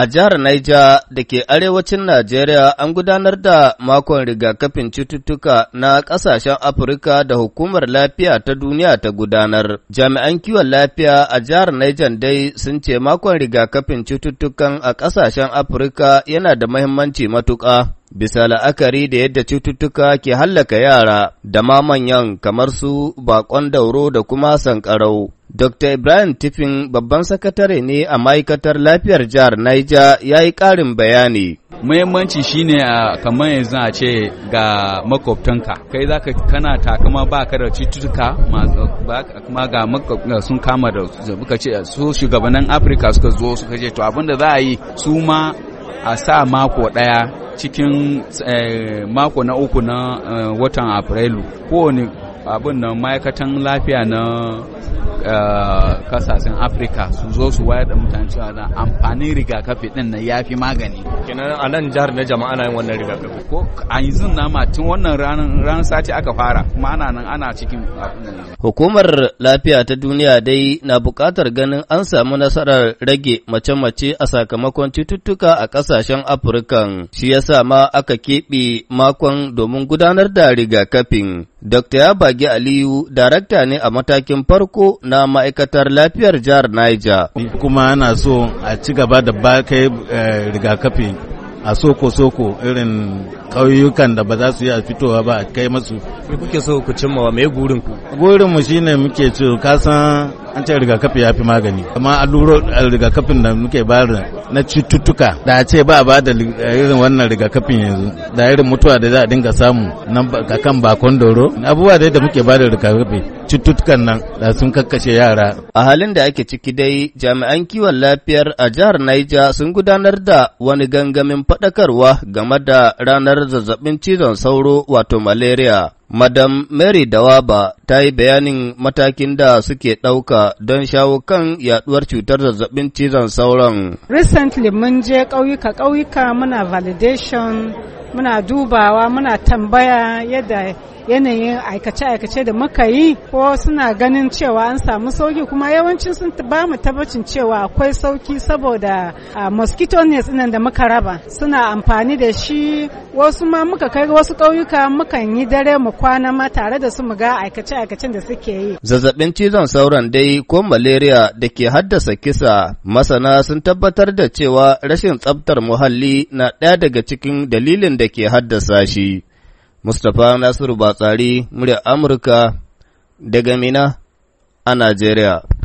A jihar Naija da ke arewacin Najeriya an gudanar da makon rigakafin cututtuka na ƙasashen Afirka da hukumar lafiya ta duniya ta gudanar. Jami'an kiwon lafiya a jihar Niger dai sun ce makon rigakafin cututtukan a ƙasashen Afirka yana da mahimmanci matuƙa. bisa la'akari da yadda cututtuka ke hallaka yara da ma manyan kamar su bakon dauro da kuma sankarau. Dr. Ibrahim Tifin babban sakatare ne a ma'aikatar lafiyar jihar Niger ya yi ƙarin bayani. Muhimmanci shine a kamar yanzu a ce ga makwabtanka, kai za ka kana takama ba ka da cututtuka kuma ga sun kama da suka ce su shugabannin Afirka suka zo suka ce to abinda za a yi su ma a sa mako ɗaya cikin eh, mako na uku na eh, watan Afrilu kowane abin nan ma'aikatan lafiya na Eh, kasashen afirka su zo su wayar da mutane cewa da amfanin rigakafi din na ya fi magani kenan a nan jihar na jama'a na yin wannan rigakafi ko a yanzu na ma tun wannan ranar ran sati aka fara kuma ana nan ana cikin hukumar lafiya ta duniya dai na buƙatar ganin an samu nasarar rage mace-mace a sakamakon cututtuka a ƙasashen afirkan shi yasa ma aka keɓe makon domin gudanar da rigakafin Dr. Yabagi Aliyu, darakta ne a matakin farko na ma'aikatar lafiyar jihar Niger. Kuma ana so a ci gaba da ba kai eh, rigakafi a soko-soko irin ƙauyukan da ba za su yi a fitowa ba a kai masu. Me kuke so ku cimma wa me gurin ku? shine muke ce kasan an ce rigakafi ya fi magani amma alluro eh, rigakafin da muke bayar na cututtuka da a ce ba ba da eh, irin wannan rigakafin yanzu da irin mutuwa da za a dinga samu nan kan bakon doro abubuwa dai da muke ba rigakafi cututtukan nan da sun kakkashe yara a halin da ake ciki dai jami'an kiwon lafiyar a jihar Niger sun gudanar da wani gangamin faɗakarwa game da ranar zazzabin cizon sauro wato malaria Madam Mary Dawaba ta yi bayanin matakin da suke ɗauka don shawo kan yaduwar cutar zazzabin cizon sauran. Recently mun je ƙauyuka-ƙauyuka muna validation muna dubawa muna tambaya yadda yanayin aikace-aikace da muka yi ko suna ganin cewa an samu sauki kuma yawancin sun ba mu tabbacin cewa akwai sauki saboda ah, mosquito nets nan da muka raba suna amfani da shi wasu ma muka kai wasu ƙauyuka mukan yi dare mu kwana ma tare da su mu ga aikace-aikacen da suke yi zazzabin cizon sauran dai ko malaria da ke haddasa kisa masana sun tabbatar da cewa rashin tsaftar muhalli na ɗaya daga cikin dalilin da ke haddasa shi. Mustapha Nasiru Batsari, murya Amurka daga Mina a Najeriya.